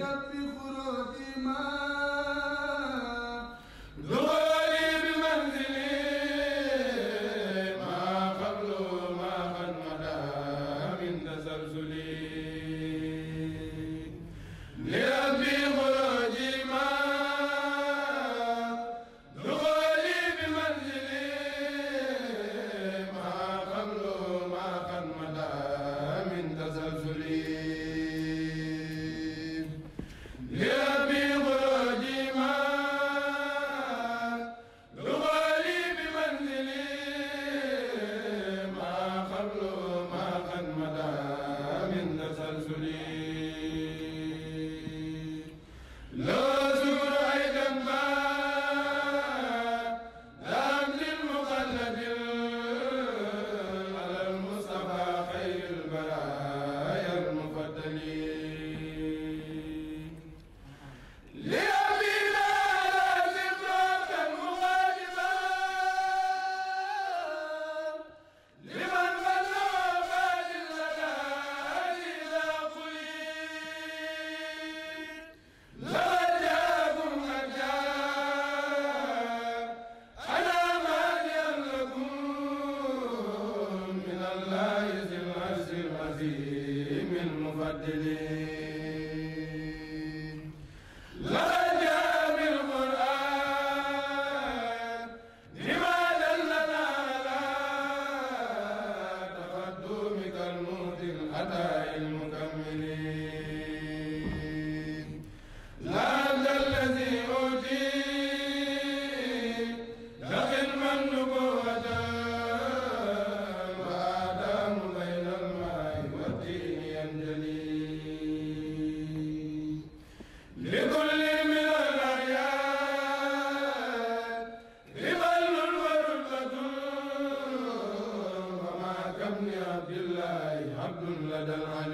rabbi fadli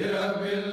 rabbil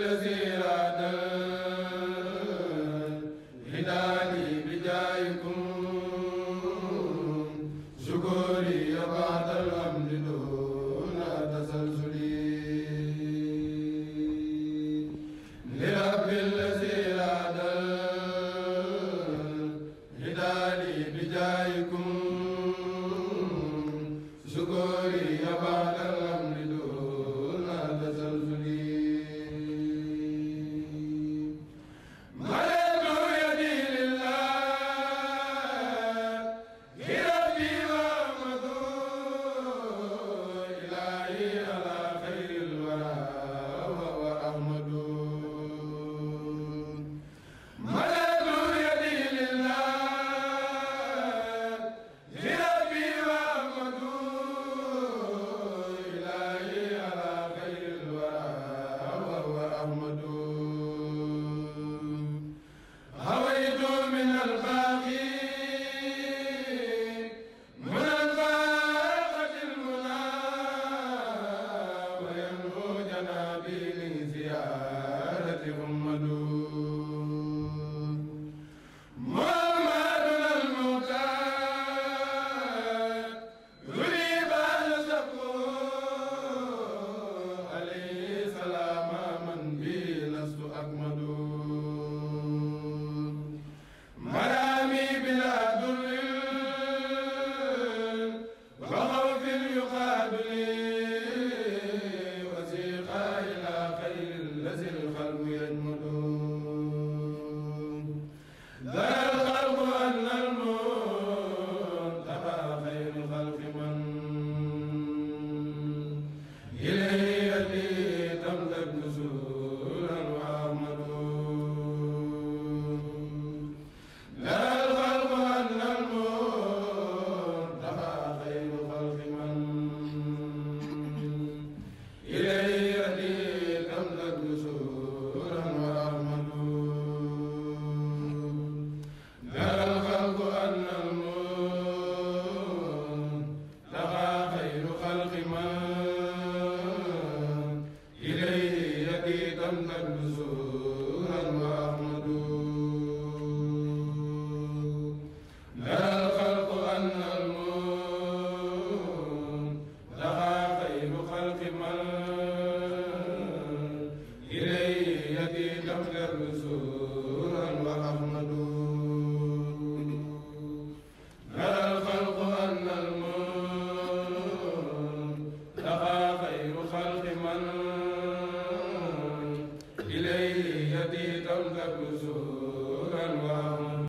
Good